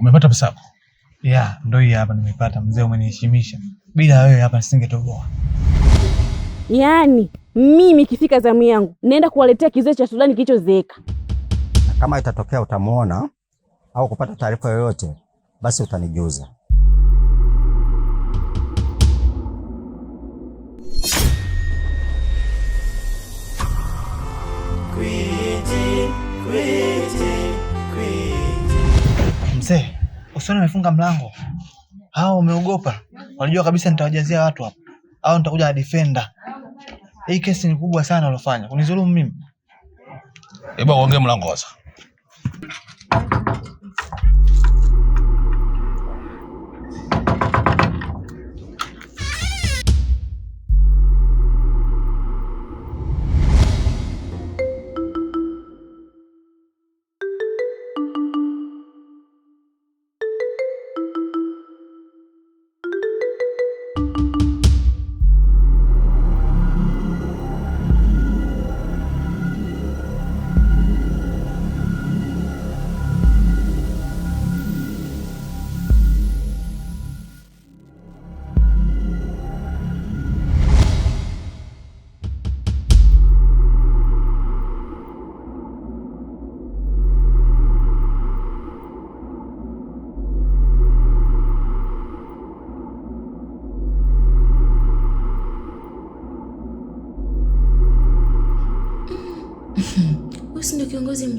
Umepata pesa yako? Ya, ndio hii hapa nimepata mzee, umeniheshimisha. Bila wewe hapa nisingetoboa. Yaani mimi ikifika zamu yangu naenda kuwaletea kizee cha Sudani kilichozeeka. Kama itatokea utamwona au kupata taarifa yoyote, basi utanijuza. Kwiji, kwiji. Mzee, usione amefunga mlango. Hao umeogopa? Walijua kabisa nitawajazia watu hapa. au nitakuja na defender. Hii kesi ni kubwa sana ulofanya. kunizulumu mimi. Eba eh uongee mlango sasa.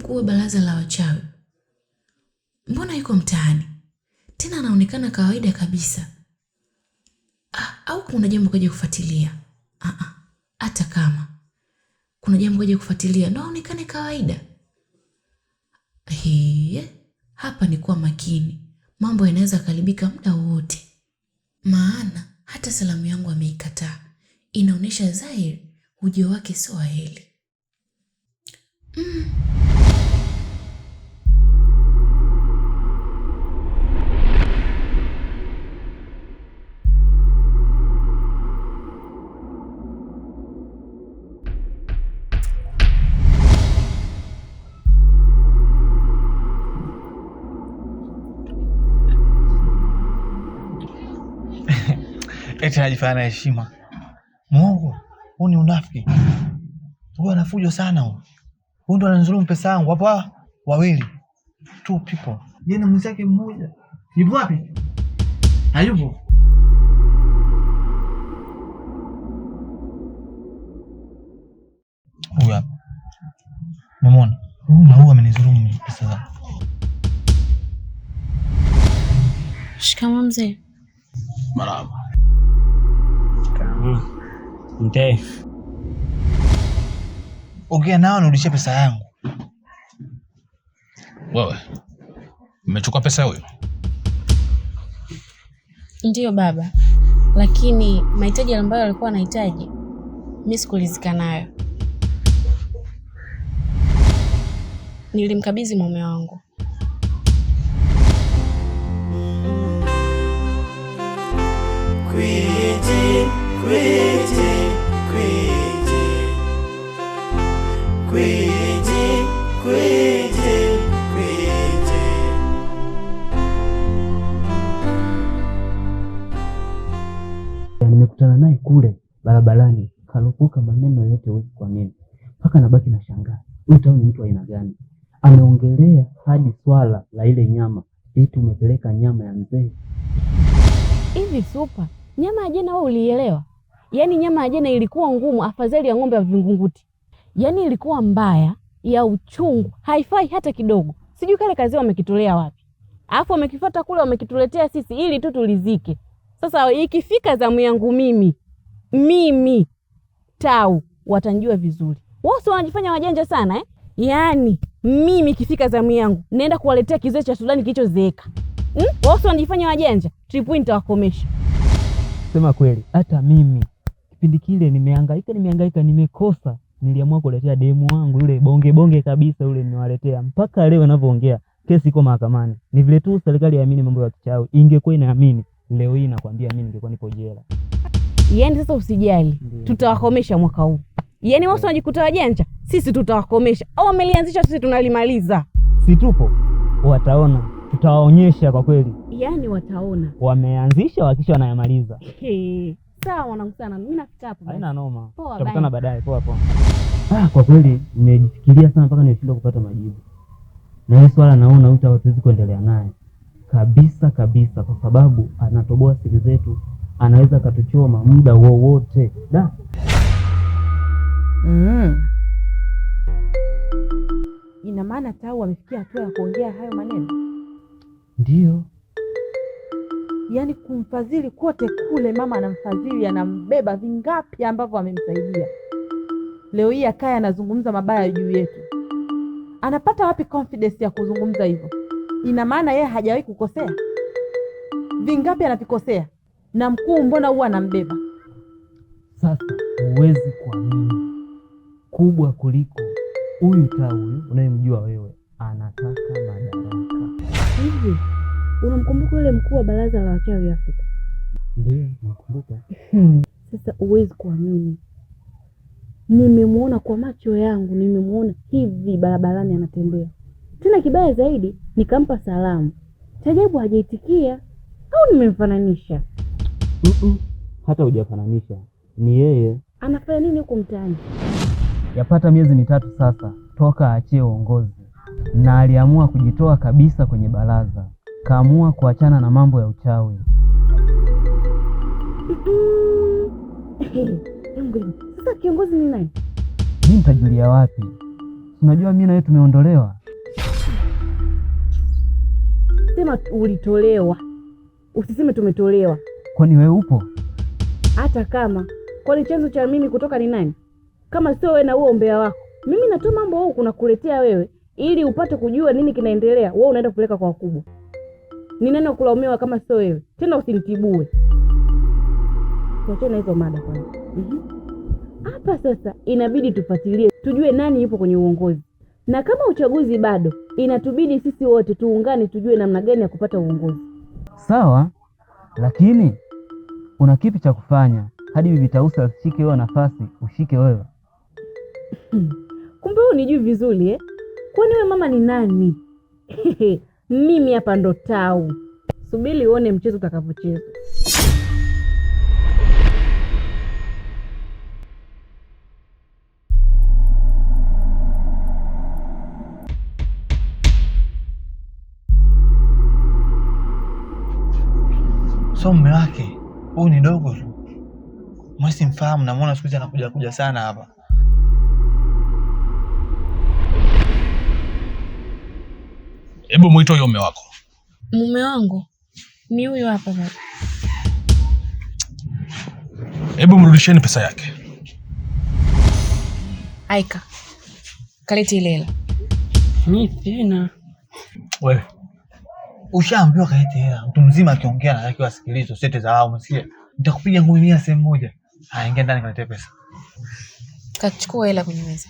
uwe baraza la wachawi. Mbona yuko mtaani tena, anaonekana kawaida kabisa. Ah, au kuna jambo kaja kufuatilia? Ah, ah, hata kama kuna jambo kaja kufuatilia ndo aonekane kawaida. Hiye, hapa ni kuwa makini, mambo yanaweza karibika muda wowote, maana hata salamu yangu ameikataa, inaonyesha dhahiri ujio wake sio wa heri. Mm. eti anajifanya na heshima. Muongo, huu ni unafiki. Huyu anafujo sana huyu. Huyu ndo ananizulumu pesa yangu hapa wawili. Two people. Yeye yaani na mwenzake mmoja. Yupo wapi? Hayupo. Huyu hapa. Mamona, huyu na huyu amenizulumu pesa zangu. Shikamoo mzee. Marahaba. Mtei, ongea nao nirudishie pesa yangu. Wewe mmechukua pesa huyo? Ndiyo baba, lakini mahitaji ambayo alikuwa anahitaji mimi sikulizika nayo, nilimkabidhi mume wangu. Kwiji kwiti kwiti kwiti kwiti kwiti. Nimekutana naye kule barabarani, kalupuka maneno yote, huwezi kuamini, mpaka nabaki na shangaa, huyu tau ni mtu aina gani? Ameongelea hadi swala la ile nyama tumepeleka nyama ya mzee hivi. Supa, nyama ya jana wewe ulielewa? Yaani nyama ya jana ilikuwa ngumu, afadhali ya ng'ombe ya Vingunguti. Yaani ilikuwa mbaya ya uchungu, haifai hata kidogo. Sijui kale kazi wamekitolea wapi, alafu wamekifuata kule, wamekituletea sisi ili tu tulizike. Sasa ikifika zamu yangu mimi mimi Tau watanjua vizuri. Wao sio wanajifanya wajanja sana eh? Yaani mimi ikifika zamu yangu naenda kuwaletea kizee cha Sudani kilichozeeka hmm? Wao sio wanajifanya wajanja, trip hii nitawakomesha. Sema kweli, hata mimi kipindi kile nimehangaika, nimehangaika, nimekosa, niliamua kuletea demu wangu yule bonge bonge kabisa, yule nimewaletea mpaka leo ninavyoongea, kesi iko mahakamani. Ni vile tu serikali yaamini mambo ya kichawi, ingekuwa inaamini leo hii nakwambia mimi ningekuwa nipo jela. Yaani sasa usijali, tutawakomesha mwaka huu. Yaani wao wanajikuta wajanja, sisi tutawakomesha. Au wamelianzisha, sisi tunalimaliza. Si tupo, wataona, tutawaonyesha kwa kweli. Yaani wataona wameanzisha, wakisha wanayamaliza. Sawa mimi nafika hapo. Haina noma. Tutakutana baadaye. Poa poa. Ah, kwa kweli nimejifikiria sana mpaka nimeshindwa kupata majibu, na hii swala naona huyu hatuwezi kuendelea naye kabisa kabisa, kwa sababu anatoboa siri zetu, anaweza akatuchoma muda wowote da. Mm. Ina maana Tau amefikia hatua ya kuongea hayo maneno? Ndiyo yani kumfadhili kote kule, mama anamfadhili, anambeba. Vingapi ambavyo amemsaidia. Leo hii akaye anazungumza mabaya juu yetu, anapata wapi confidence ya kuzungumza hivyo? Ina maana yeye hajawahi kukosea? Vingapi anavikosea, na mkuu mbona huwa anambeba? Sasa huwezi kuamini, kubwa kuliko huyu tawi unayemjua wewe anataka madaraka hivi Unamkumbuka yule mkuu wa baraza la wachawi Afrika? Ndiyo, nakumbuka. Hmm. Sasa huwezi kuamini, nimemwona kwa macho yangu, nimemwona hivi barabarani anatembea. Tena kibaya zaidi, nikampa salamu, cha hajaitikia. Au nimemfananisha? mm -mm. Hata hujafananisha, ni yeye. Anafanya nini huko mtaani? Yapata miezi mitatu sasa toka aachie uongozi, na aliamua kujitoa kabisa kwenye baraza. Nikaamua kuachana na mambo ya uchawi. Sasa kiongozi ni nani? Mi nitajulia wapi? Unajua mi nawe tumeondolewa. Sema ulitolewa, usiseme tumetolewa. Kwani wewe upo? Hata kama kwani chanzo cha mimi kutoka ni nani kama sio wewe na huo umbea wako? Mimi natoa mambo huku nakuletea wewe ili upate kujua nini kinaendelea. Wewe unaenda kupeleka kwa wakubwa ni neno kulaumiwa kama sio wewe tena, usinitibue. Tuachane hizo mada kwanza mhm. hapa. Mm-hmm. Sasa inabidi tufuatilie, tujue nani yupo kwenye uongozi, na kama uchaguzi bado, inatubidi sisi wote tuungane, tujue namna gani ya kupata uongozi. Sawa, lakini kuna kipi cha kufanya hadi Bibi Tausi asishike hiyo nafasi, ushike wewe? Hmm. Kumbe wewe unijui vizuri eh? Kwani wewe mama ni nani? Mimi hapa ndo tau, subiri uone mchezo utakavyocheza. So mume wake huyu ni dogo tu, mfahamu, namwona siku hizi anakuja kuja sana hapa. Hebu mwito huyo mume wako. Mume wangu ni huyu hapa baba. Hebu mrudisheni pesa yake. Aika kalete ile hela. Mimi tena wewe ushaambiwa kaleti hela. Mtu mzima akiongea na yake wasikilizwe, sete za wao msikia. Nitakupiga ngumi mia sehemu moja. Haya, ingia ndani kalete pesa. Kachukua hela kwenye meza.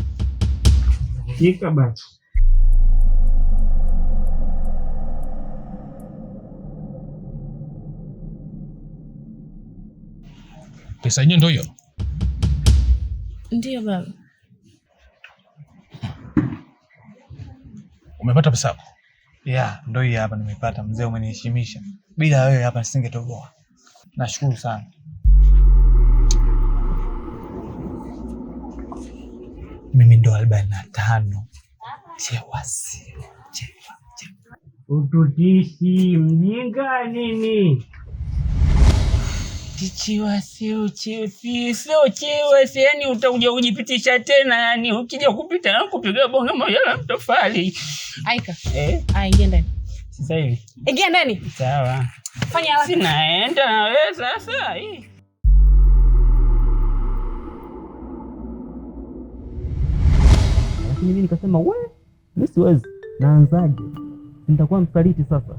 dakika basi. Pesa hiyo ndio hiyo? Ndiyo baba. Umepata pesa yako? Yeah, ndio hiyo hapa nimepata. Mzee, umeniheshimisha, bila wewe hapa nisingetoboa. Nashukuru sana. mimi ndo arobaini na tano. Chewasi ututishi mjinga nini? Kichiwasi uchefi sio chiwasi, yani utakuja kujipitisha tena, yani ukija kupita na kupiga bonge moja la mtofali. Aika eh, aingia ndani sasa hivi, ingia ndani. Sawa, fanya haraka, sinaenda na eh, sasa hii lakini mimi nikasema we, mi siwezi, naanzaje? Nitakuwa msaliti sasa.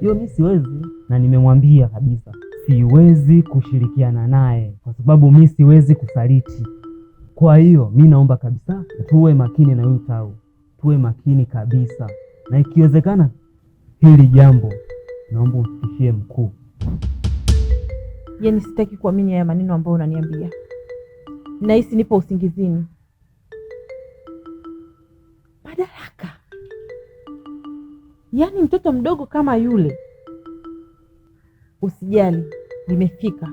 Hiyo mi siwezi, na nimemwambia kabisa siwezi kushirikiana naye kwa sababu mi siwezi kusaliti. Kwa hiyo mi naomba kabisa tuwe makini na huyu Tau, tuwe makini kabisa, na ikiwezekana hili jambo naomba ufikishie mkuu. Yani sitaki kuamini haya maneno ambayo unaniambia, nahisi nipo usingizini. Yaani mtoto mdogo kama yule. Usijali, nimefika.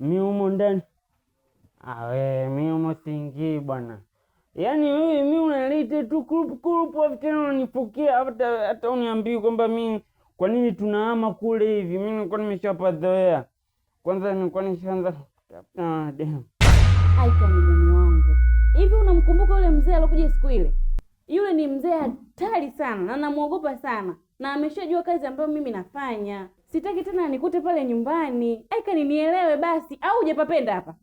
mi humo ndani awe, mi humo singii bwana. Yaani wewe mi unaleta tu kurupu kurupu, tena unanipokia hata hata uniambii kwamba mi kwa nini tunahama kule hivi. Mi nilikuwa nimeshapazoea kwanza, nilikuwa nishaanza kutafuta ah, demu. Aika ni wangu hivi, unamkumbuka yule mzee alokuja siku ile? Yule ni mzee hatari sana na namwogopa sana, na ameshajua kazi ambayo mimi nafanya Sitaki tena nikute pale nyumbani. Aika ninielewe basi, au hujapapenda hapa?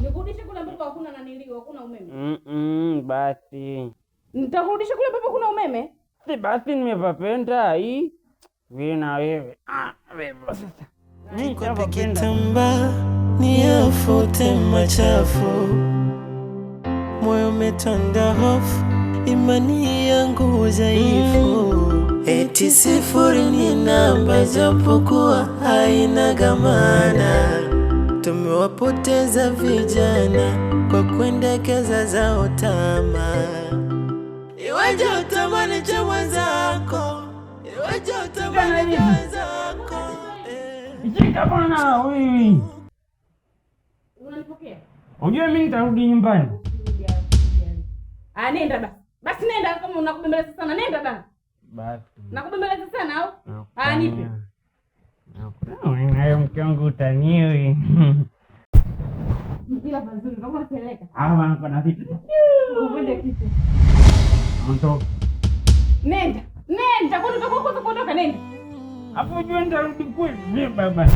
Nikurudishe kule ambapo hakuna naniliwa, hakuna umeme. Mm -mm, basi. Nitakurudisha kule ambapo kuna umeme? Si basi nimepapenda hii. Wewe na wewe. Ah, wewe sasa. Niko kitamba ni afute machafu. Moyo umetanda hofu, imani yangu dhaifu eti sifuri ni namba japokuwa haina gamana. Tumewapoteza vijana kwa kuendekeza zao tamaa. Iweje utamani cha mwenzako, iweje utamani cha mwenzako. Shikamana eh. wewe, unanipokea? Unajua mimi nitarudi nyumbani. Ah, nenda basi, basi nenda, kama unakubembeleza sana, nenda basi. Nakubembeleza sana au? Ah, nipe. Nayo mke wangu utaniwi. Mpira pazuri, naomba nipeleke. Ah, niko na vitu. Uende kitu. Ondoka. Nenda. Nenda, kwani utakuwa huko kuondoka nenda. Hapo ujue nitarudi kweli mimi baba.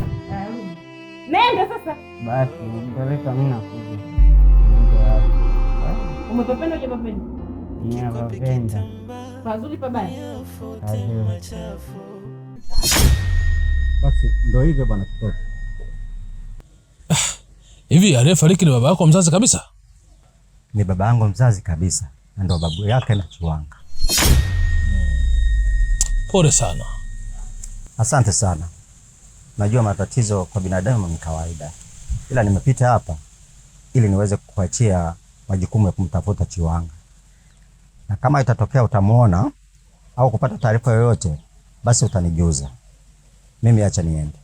Nenda sasa. Basi, nipeleka mimi nakuja. Umependa je mapenda? Ninapenda. Pazuri pabaya. Basi ndo hivyo bwana kitoto. Ah, hivi aliyefariki ni baba yako mzazi kabisa? Ni baba yangu mzazi kabisa, na ndo babu yake na Chiwanga. Pole sana. Asante sana. Najua matatizo kwa binadamu ni kawaida, ila nimepita hapa ili niweze kukuachia majukumu ya kumtafuta Chiwanga, na kama itatokea utamwona au kupata taarifa yoyote, basi utanijuza mimi. Acha niende.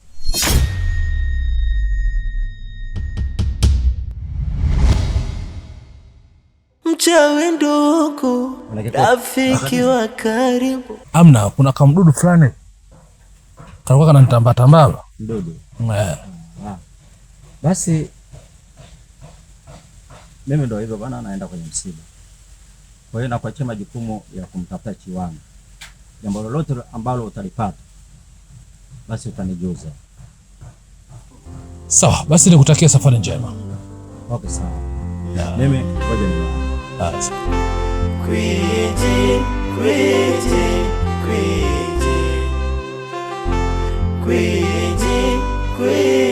Mchawi ndugu, rafiki wa karibu. Amna, kuna kamdudu fulani kalikuwa kanantambatambala mdudu. Eh. Ah. Basi mimi ndo hivyo bana naenda kwenye msiba. Kwa hiyo nakuachia majukumu ya kumtafuta Chiwanga jambo lolote ambalo utalipata basi utanijuza. Sawa, basi nikutakia safari njema. Okay, sawa. Mimi ngoja ni. Ah, kwiti, kwiti, kwiti. Kwiti, kwiti.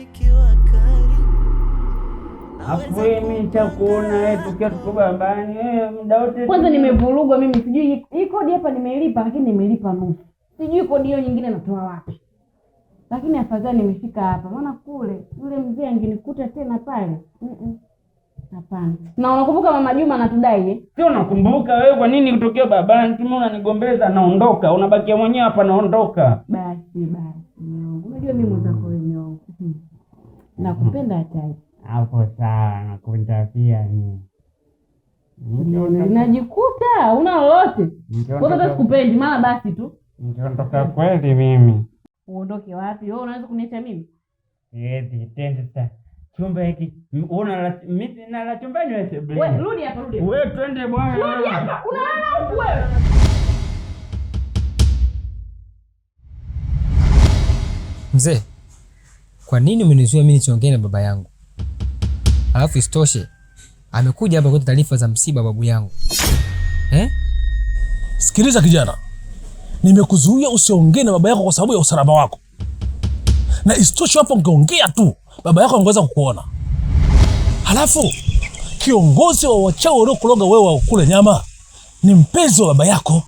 Akwemi chakuona tukia tuko babani eh, muda wote. Kwanza nimevurugwa mimi, sijui hii kodi hapa nimeilipa, lakini nimelipa nusu, sijui kodi hiyo nyingine natoa wapi, lakini afadhali nimefika hapa, maana kule yule mzee angenikuta tena pale. Hapana. mm -mm. Na unakumbuka Mama Juma anatudai? eh? Sio, nakumbuka. Wewe kwa nini kutokea babani? Tuma unanigombeza, naondoka, unabakia mwenyewe hapa, naondoka. Basi basi, unajua mimi mwenzako wewe, hmm. nakupenda hatari hapo sawa, nakuta pia ni najikuta una lolote hata sikupendi, mara basi tu nikiondoka kweli. Mimi uondoke wapi? Wewe unaweza kuniacha mimi sasa chumba hiki una mimi la chumba nala wewe. Rudi hapa, rudi wewe, twende bwana, rudi hapa, unalala huku wewe. Mzee, kwa nini umenizuia mimi nichongee na baba yangu? Alafu isitoshe amekuja hapa kwa taarifa za msiba babu yangu eh? Sikiliza kijana, nimekuzuia usiongee na baba yako kwa sababu ya usalama wako, na isitoshe hapo ungeongea tu baba yako angeweza kukuona. Halafu kiongozi wa wachawi waliokuloga wewe wa kule nyama ni mpenzi wa baba yako.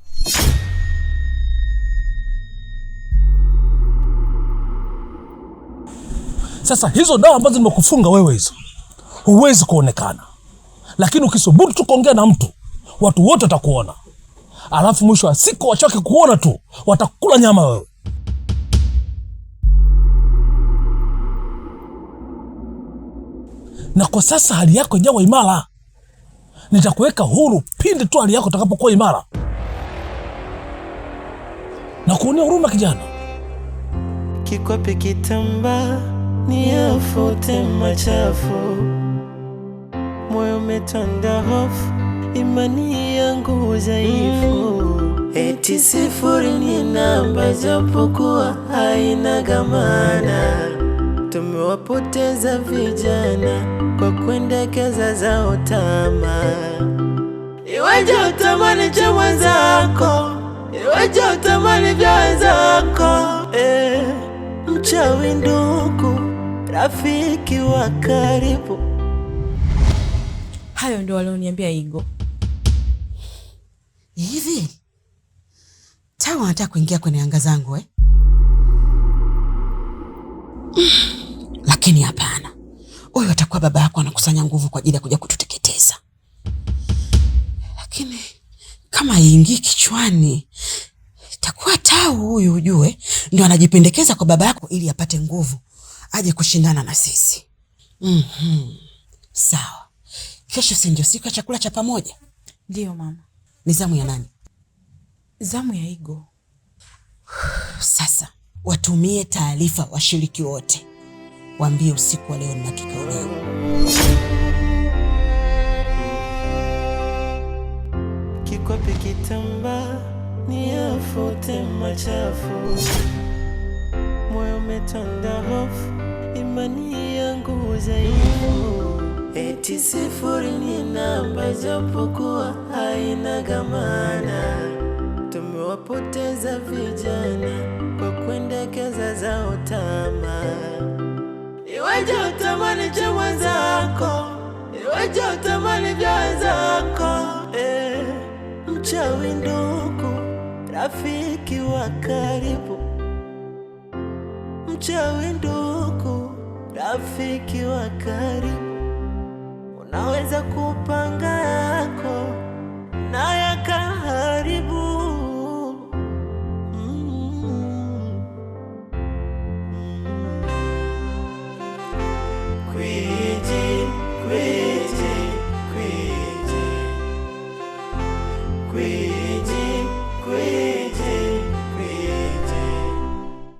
Sasa hizo dawa ambazo nimekufunga wewe hizo huwezi kuonekana, lakini ukisubutu tu kuongea na mtu, watu wote watakuona, alafu mwisho wa siku wachoke kuona tu, watakula nyama wewe. Na kwa sasa hali yako ijawa imara, nitakuweka huru pindi tu hali yako itakapokuwa imara na kuonea huruma kijana. Kikwapi kitamba ni afute machafu moyo umetanda hofu, imani yangu dhaifu. Mm. Eti sifuri ni namba japokuwa haina gamana. Tumewapoteza vijana kwa kuendekeza zao tamaa. Iwaje utamani cha mwenzako, iwaje utamani vya wenzako eh? Mchawi ndugu, rafiki wa karibu Hayo ndio walioniambia Igo. Hivi Tawa anataka kuingia kwenye anga zangu eh? Lakini hapana, huyu atakuwa baba yako anakusanya nguvu kwa ajili ya kuja kututeketeza. Lakini kama aingii kichwani, itakuwa Tau huyu ujue, ndio anajipendekeza kwa baba yako ili apate nguvu aje kushindana na sisi. mm -hmm. Sawa, Kesho si ndio siku ya chakula cha pamoja? Ndiyo mama. Ni zamu ya nani? Zamu ya Igo. Sasa watumie taarifa washiriki wote, waambie usiku wa leo na kikao leo. Kikwapi kitamba ni afute machafu, moyo umetanda hofu, imani yangu zaifu eti sifuri ni namba japokuwa haina gamana. Tumewapoteza vijana kwa kuendekeza zao utama Iweje utamani cha mwenzako, iweje utamani vya wenzako? Eh, mchawi ndugu, rafiki wa karibu, mchawi ndugu, rafiki wa karibu naweza kupanga yako